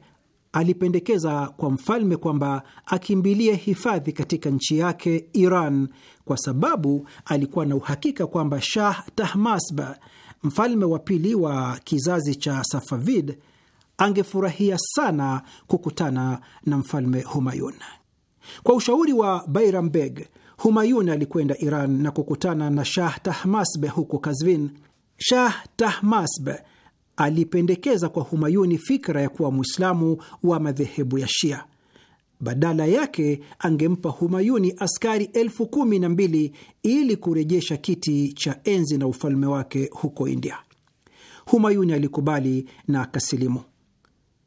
Speaker 1: alipendekeza kwa mfalme kwamba akimbilie hifadhi katika nchi yake Iran, kwa sababu alikuwa na uhakika kwamba Shah Tahmasb, mfalme wa pili wa kizazi cha Safavid, angefurahia sana kukutana na mfalme Humayun. Kwa ushauri wa bairambeg Beg, Humayun alikwenda Iran na kukutana na Shah tahmasb huko Kazvin. Shah tahmasb alipendekeza kwa Humayuni fikra ya kuwa Mwislamu wa madhehebu ya Shia. Badala yake angempa Humayuni askari elfu kumi na mbili ili kurejesha kiti cha enzi na ufalme wake huko India. Humayuni alikubali na akasilimu.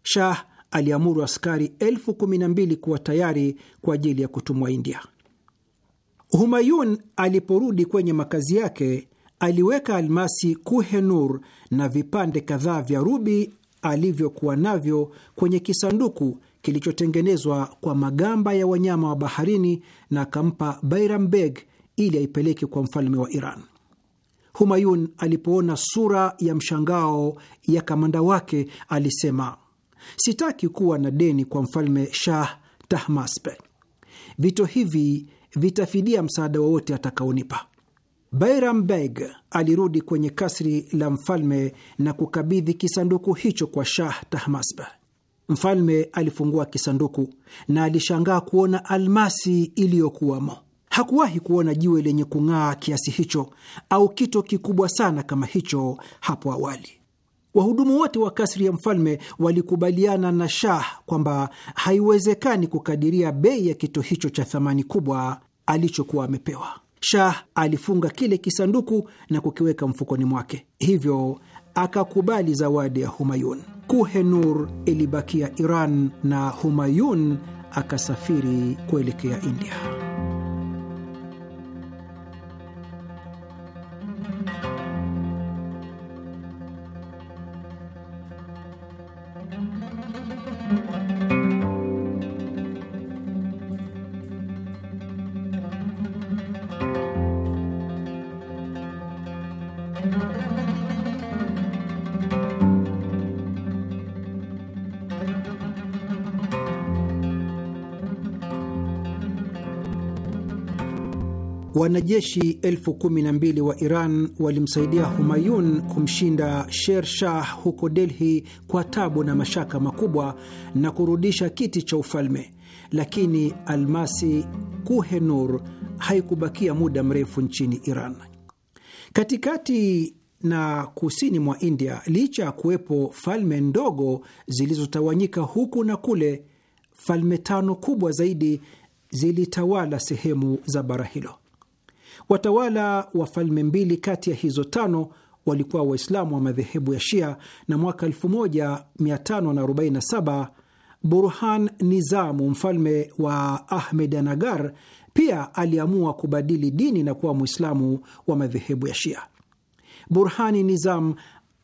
Speaker 1: Shah aliamuru askari elfu kumi na mbili kuwa tayari kwa ajili ya kutumwa India. Humayun aliporudi kwenye makazi yake aliweka almasi Kuhenur na vipande kadhaa vya rubi alivyokuwa navyo kwenye kisanduku kilichotengenezwa kwa magamba ya wanyama wa baharini na akampa Bairam Beg ili aipeleke kwa mfalme wa Iran. Humayun alipoona sura ya mshangao ya kamanda wake alisema, sitaki kuwa na deni kwa mfalme Shah Tahmaspe. Vito hivi vitafidia msaada wowote atakaonipa. Bayram Beg alirudi kwenye kasri la mfalme na kukabidhi kisanduku hicho kwa Shah tahmasba Mfalme alifungua kisanduku na alishangaa kuona almasi iliyokuwamo. Hakuwahi kuona jiwe lenye kung'aa kiasi hicho au kito kikubwa sana kama hicho hapo awali. Wahudumu wote wa kasri ya mfalme walikubaliana na Shah kwamba haiwezekani kukadiria bei ya kito hicho cha thamani kubwa alichokuwa amepewa. Shah alifunga kile kisanduku na kukiweka mfukoni mwake, hivyo akakubali zawadi ya Humayun. Kuhenur ilibakia Iran na Humayun akasafiri kuelekea India. Wanajeshi elfu kumi na mbili wa Iran walimsaidia Humayun kumshinda Sher Shah huko Delhi kwa tabu na mashaka makubwa na kurudisha kiti cha ufalme, lakini almasi Kuhenur haikubakia muda mrefu nchini Iran. Katikati na kusini mwa India, licha ya kuwepo falme ndogo zilizotawanyika huku na kule, falme tano kubwa zaidi zilitawala sehemu za bara hilo. Watawala wa falme mbili kati ya hizo tano walikuwa Waislamu wa madhehebu ya Shia, na mwaka 1547 Burhan Nizamu, mfalme wa Ahmedanagar, pia aliamua kubadili dini na kuwa Mwislamu wa madhehebu ya Shia. Burhani Nizam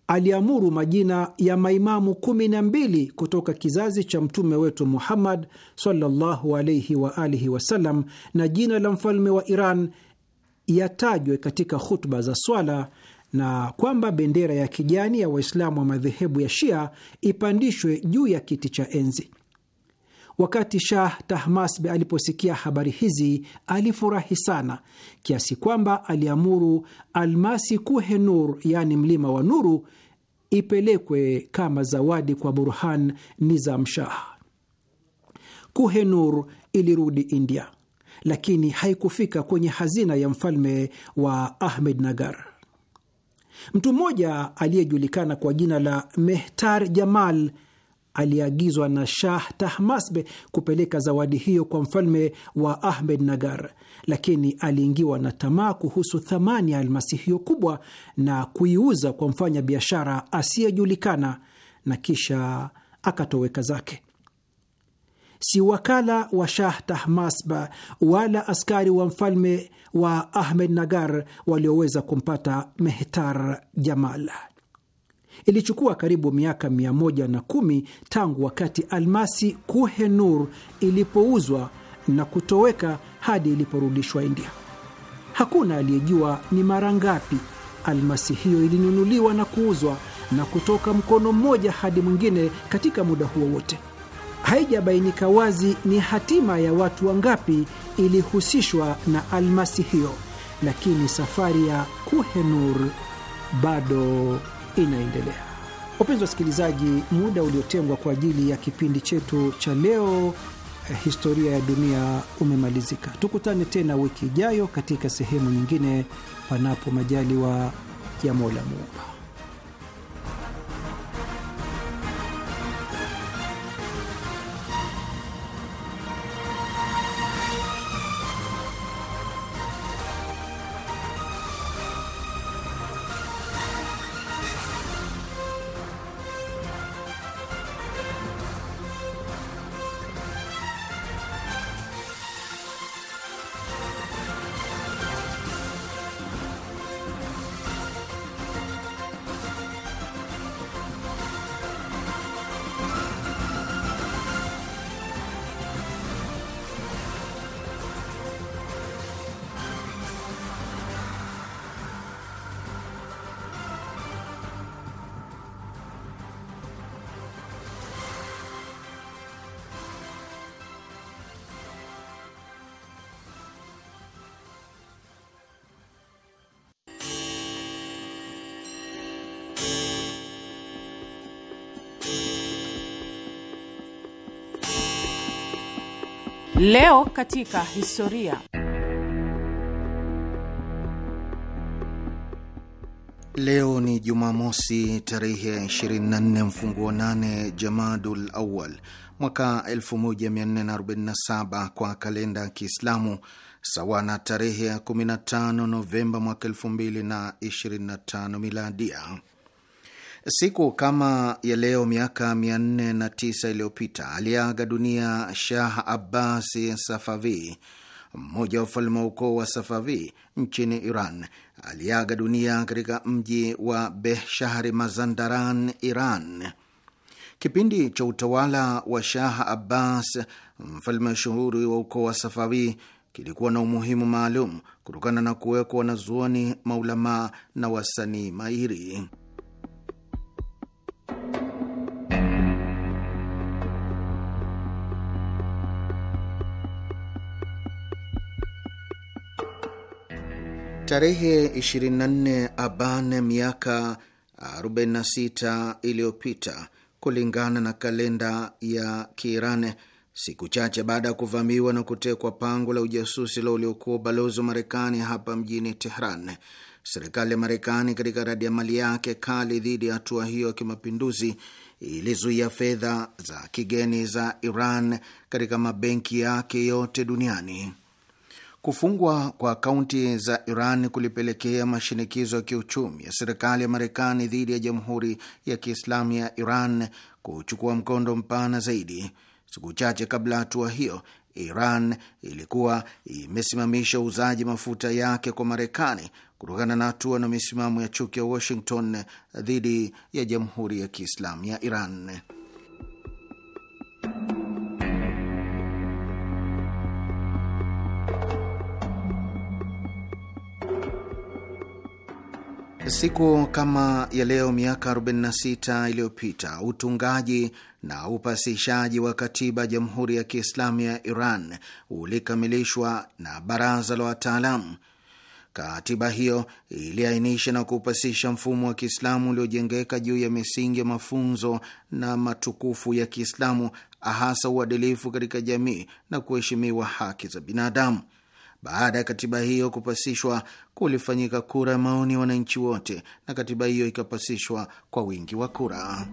Speaker 1: aliamuru majina ya maimamu kumi na mbili kutoka kizazi cha mtume wetu Muhammad sallallahu alaihi wa alihi wasallam, na jina la mfalme wa Iran yatajwe katika hutuba za swala na kwamba bendera ya kijani ya Waislamu wa madhehebu ya Shia ipandishwe juu ya kiti cha enzi. Wakati Shah Tahmasb aliposikia habari hizi alifurahi sana kiasi kwamba aliamuru almasi Kuhe Nur, yaani mlima wa nuru, ipelekwe kama zawadi kwa Burhan Nizam Shah. Kuhe Nur ilirudi India lakini haikufika kwenye hazina ya mfalme wa ahmed nagar Mtu mmoja aliyejulikana kwa jina la Mehtar Jamal aliagizwa na Shah Tahmasbe kupeleka zawadi hiyo kwa mfalme wa ahmed nagar lakini aliingiwa na tamaa kuhusu thamani ya almasi hiyo kubwa na kuiuza kwa mfanya biashara asiyejulikana, na kisha akatoweka zake si wakala wa Shah Tahmasba wala askari wa mfalme wa Ahmed Nagar walioweza kumpata Mehtar Jamal. Ilichukua karibu miaka 11 tangu wakati almasi Kuhe Nur ilipouzwa na kutoweka hadi iliporudishwa India. Hakuna aliyejua ni mara ngapi almasi hiyo ilinunuliwa na kuuzwa na kutoka mkono mmoja hadi mwingine katika muda huo wote haijabainika wazi ni hatima ya watu wangapi ilihusishwa na almasi hiyo, lakini safari ya Kuhenur bado inaendelea. Wapenzi wasikilizaji, muda uliotengwa kwa ajili ya kipindi chetu cha leo eh, historia ya dunia umemalizika. Tukutane tena wiki ijayo katika sehemu nyingine, panapo majaliwa ya Mola Muumba.
Speaker 2: Leo katika historia.
Speaker 4: Leo ni Jumamosi tarehe ya 24 mfunguo nane Jamadul Awal mwaka 1447 kwa kalenda ya Kiislamu, sawa na tarehe ya 15 Novemba mwaka 2025 miladia. Siku kama ya leo miaka 409 iliyopita aliaga dunia Shah Abbasi Safavi, mmoja wa ufalme wa ukoo wa Safavi nchini Iran. Aliaga dunia katika mji wa Behshahri Mazandaran, Iran. Kipindi cha utawala wa Shah Abbas, mfalme mashuhuri wa ukoo wa Safavi, kilikuwa na umuhimu maalum kutokana na kuwekwa wanazuoni, maulamaa na wasanii mahiri. Tarehe 24 Aban miaka 46 iliyopita kulingana na kalenda ya Kiirani, siku chache baada ya kuvamiwa na kutekwa pango la ujasusi la uliokuwa ubalozi wa Marekani hapa mjini Tehran, serikali ya Marekani katika radiamali yake kali dhidi ya hatua hiyo ya kimapinduzi ilizuia fedha za kigeni za Iran katika mabenki yake yote duniani. Kufungwa kwa akaunti za Iran kulipelekea mashinikizo ya kiuchumi ya serikali ya Marekani dhidi ya Jamhuri ya Kiislamu ya Iran kuchukua mkondo mpana zaidi. Siku chache kabla ya hatua hiyo, Iran ilikuwa imesimamisha uuzaji mafuta yake kwa Marekani kutokana na hatua na misimamo ya chuki ya Washington dhidi ya Jamhuri ya Kiislamu ya Iran. Siku kama ya leo miaka 46 iliyopita utungaji na upasishaji wa katiba ya Jamhuri ya Kiislamu ya Iran ulikamilishwa na baraza la wataalamu. Katiba hiyo iliainisha na kupasisha mfumo wa Kiislamu uliojengeka juu ya misingi ya mafunzo na matukufu ya Kiislamu, hasa uadilifu katika jamii na kuheshimiwa haki za binadamu. Baada ya katiba hiyo kupasishwa, kulifanyika kura ya maoni ya wananchi wote na katiba hiyo ikapasishwa kwa wingi wa kura.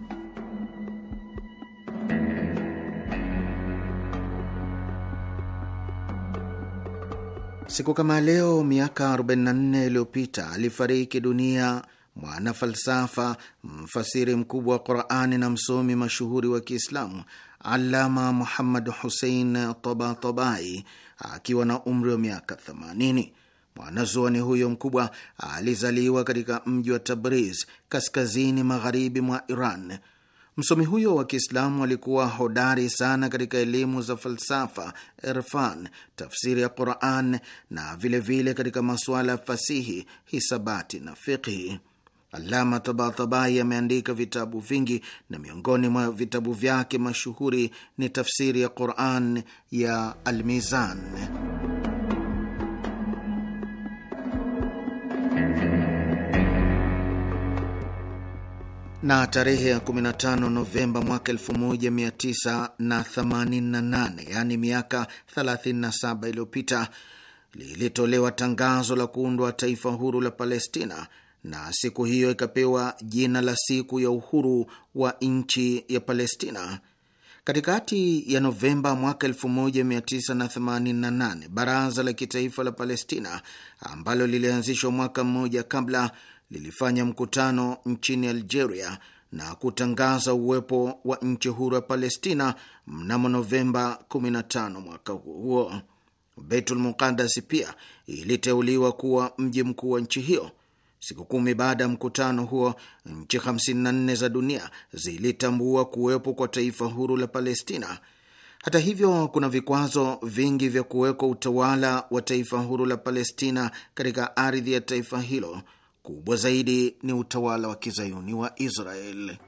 Speaker 4: Siku kama leo miaka 44 iliyopita alifariki dunia mwana falsafa, mfasiri mkubwa wa Qurani na msomi mashuhuri wa Kiislamu Alama Muhammad Husein Tabatabai akiwa na umri wa miaka 80. Mwanazuoni huyo mkubwa alizaliwa katika mji wa Tabriz, kaskazini magharibi mwa Iran. Msomi huyo wa Kiislamu alikuwa hodari sana katika elimu za falsafa, erfan, tafsiri ya Quran na vilevile vile katika masuala ya fasihi, hisabati na fiqhi. Alama Tabatabai ameandika vitabu vingi na miongoni mwa vitabu vyake mashuhuri ni tafsiri ya Quran ya Almizan. na tarehe ya 15 Novemba mwaka 1988, yaani miaka 37 iliyopita, lilitolewa tangazo la kuundwa taifa huru la Palestina, na siku hiyo ikapewa jina la siku ya uhuru wa nchi ya Palestina. Katikati ya Novemba mwaka 1988, baraza la kitaifa la Palestina ambalo lilianzishwa mwaka mmoja kabla lilifanya mkutano nchini Algeria na kutangaza uwepo wa nchi huru ya Palestina mnamo Novemba 15 mwaka huo huo. Beitul Muqaddas pia iliteuliwa kuwa mji mkuu wa nchi hiyo. Siku kumi baada ya mkutano huo, nchi 54 za dunia zilitambua kuwepo kwa taifa huru la Palestina. Hata hivyo, kuna vikwazo vingi vya kuwekwa utawala wa taifa huru la Palestina katika ardhi ya taifa hilo kubwa zaidi ni utawala wa kizayuni wa Israeli.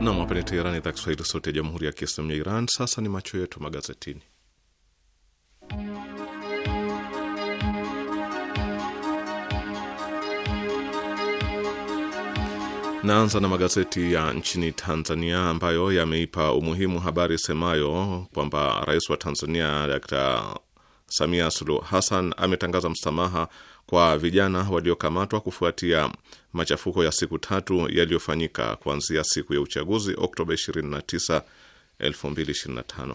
Speaker 3: Nam wapende Teherani, idhaa Kiswahili, sauti ya jamhuri ya kiislamu ya Iran. Sasa ni macho yetu magazetini. Naanza na magazeti ya nchini Tanzania ambayo yameipa umuhimu habari semayo kwamba rais wa Tanzania Dr. Samia Suluhu Hassan ametangaza msamaha kwa vijana waliokamatwa kufuatia machafuko ya siku tatu yaliyofanyika kuanzia siku ya uchaguzi Oktoba 29, 2025.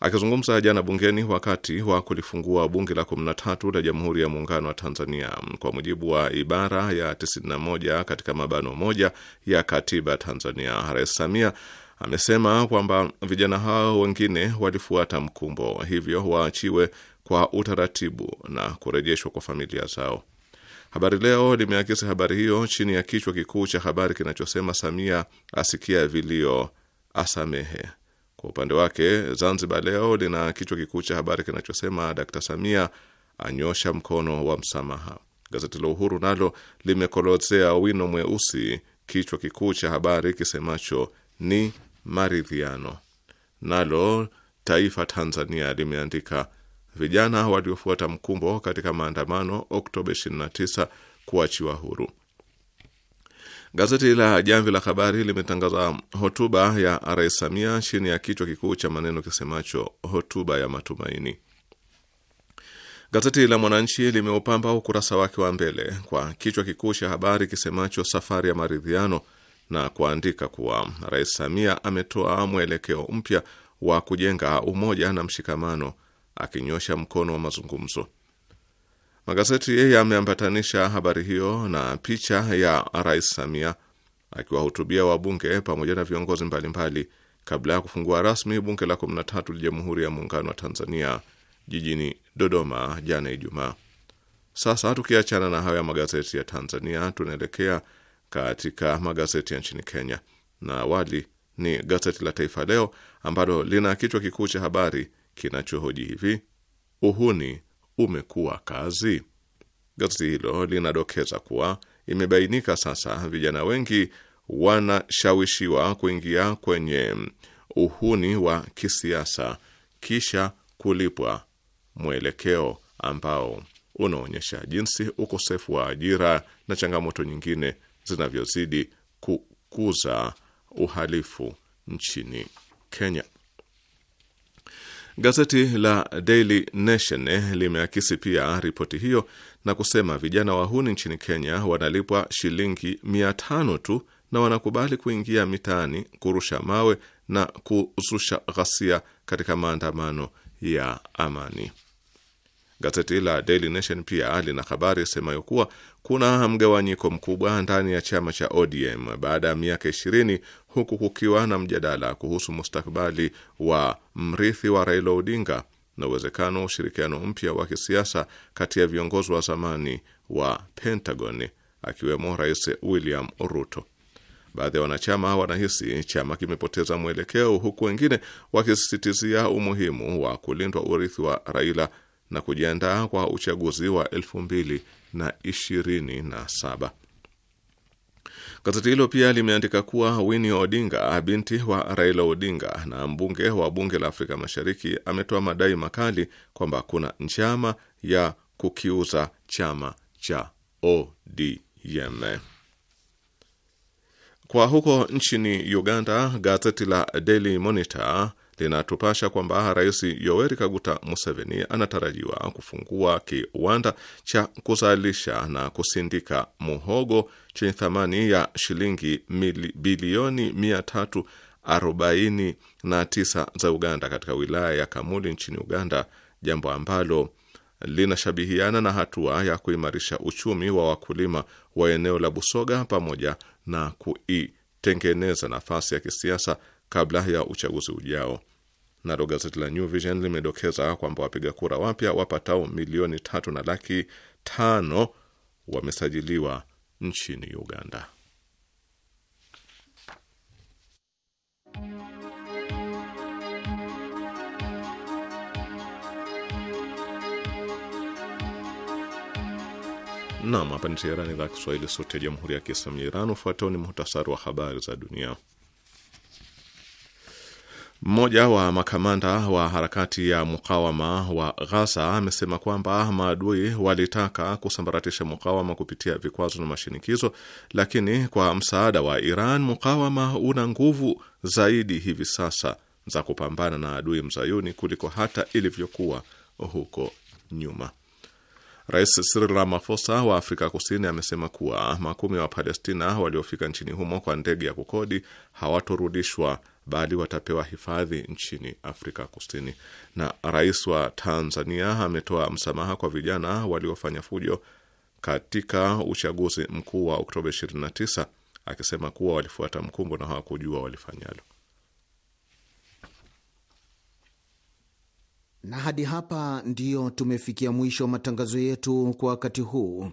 Speaker 3: Akizungumza jana bungeni wakati wa kulifungua bunge la 13 la Jamhuri ya Muungano wa Tanzania, kwa mujibu wa ibara ya 91 katika mabano moja ya katiba Tanzania, Rais Samia amesema kwamba vijana hao wengine walifuata mkumbo, hivyo waachiwe kwa utaratibu na kurejeshwa kwa familia zao. Habari Leo limeakisi habari hiyo chini ya kichwa kikuu cha habari kinachosema Samia asikia vilio, asamehe kwa upande wake, Zanzibar Leo lina kichwa kikuu cha habari kinachosema Dkt Samia anyosha mkono wa msamaha. Gazeti la Uhuru nalo limekolozea wino mweusi kichwa kikuu cha habari kisemacho ni maridhiano. Nalo Taifa Tanzania limeandika vijana waliofuata mkumbo katika maandamano Oktoba 29 kuachiwa huru. Gazeti la Jamvi la Habari limetangaza hotuba ya Rais Samia chini ya kichwa kikuu cha maneno kisemacho hotuba ya matumaini. Gazeti la Mwananchi limeupamba ukurasa wake wa mbele kwa kichwa kikuu cha habari kisemacho safari ya maridhiano, na kuandika kuwa Rais Samia ametoa mwelekeo mpya wa kujenga umoja na mshikamano, akinyosha mkono wa mazungumzo. Magazeti yameambatanisha habari hiyo na picha ya Rais Samia akiwahutubia wabunge pamoja na viongozi mbalimbali kabla ya kufungua rasmi bunge la 13 la Jamhuri ya Muungano wa Tanzania jijini Dodoma jana Ijumaa. Sasa tukiachana na hayo ya magazeti ya Tanzania, tunaelekea katika magazeti ya nchini Kenya, na awali ni gazeti la Taifa Leo ambalo lina kichwa kikuu cha habari kinachohoji hivi: uhuni umekuwa kazi. Gazeti hilo linadokeza kuwa imebainika sasa vijana wengi wanashawishiwa kuingia kwenye uhuni wa kisiasa kisha kulipwa mwelekeo ambao unaonyesha jinsi ukosefu wa ajira na changamoto nyingine zinavyozidi kukuza uhalifu nchini Kenya. Gazeti la Daily Nation eh, limeakisi pia ripoti hiyo na kusema vijana wahuni nchini Kenya wanalipwa shilingi mia tano tu na wanakubali kuingia mitaani kurusha mawe na kuzusha ghasia katika maandamano ya amani. Gazeti la Daily Nation pia lina habari isemayo kuwa kuna mgawanyiko mkubwa ndani ya chama cha ODM baada ya miaka 20 huku kukiwa na mjadala kuhusu mustakabali wa mrithi wa Raila Odinga na uwezekano wa ushirikiano mpya wa kisiasa kati ya viongozi wa zamani wa Pentagon akiwemo Rais William Ruto. Baadhi ya wanachama wanahisi chama kimepoteza mwelekeo, huku wengine wakisisitizia umuhimu wa kulindwa urithi wa Raila na kujiandaa kwa uchaguzi wa 2027. Gazeti hilo pia limeandika kuwa Winnie Odinga, binti wa Raila Odinga na mbunge wa bunge la Afrika Mashariki, ametoa madai makali kwamba kuna njama ya kukiuza chama cha ODM. Kwa huko nchini Uganda, gazeti la Daily Monitor linatupasha kwamba Rais Yoweri Kaguta Museveni anatarajiwa kufungua kiwanda cha kuzalisha na kusindika muhogo chenye thamani ya shilingi bilioni 349 za Uganda katika wilaya ya Kamuli nchini Uganda, jambo ambalo linashabihiana na hatua ya kuimarisha uchumi wa wakulima wa eneo la Busoga pamoja na kuitengeneza nafasi ya kisiasa kabla ya uchaguzi ujao. Nalo gazeti la New Vision limedokeza kwamba wapiga kura wapya wapatao milioni tatu na laki tano wamesajiliwa nchini Uganda. Nam, hapa ni Teherani, idhaa Kiswahili, sauti ya jamhuri ya kiislamu ya Iran. Ufuatao ni muhtasari wa habari za dunia. Mmoja wa makamanda wa harakati ya mukawama wa Ghaza amesema kwamba maadui walitaka kusambaratisha mukawama kupitia vikwazo na mashinikizo, lakini kwa msaada wa Iran mukawama una nguvu zaidi hivi sasa za kupambana na adui mzayuni kuliko hata ilivyokuwa huko nyuma. Rais Cyril Ramaphosa wa Afrika Kusini amesema kuwa makumi wa Palestina waliofika nchini humo kwa ndege ya kukodi hawatorudishwa bali watapewa hifadhi nchini Afrika Kusini. Na rais wa Tanzania ametoa msamaha kwa vijana waliofanya fujo katika uchaguzi mkuu wa Oktoba 29 akisema kuwa walifuata mkumbo na hawakujua walifanyalo.
Speaker 4: Na hadi hapa ndiyo tumefikia mwisho wa matangazo yetu kwa wakati huu.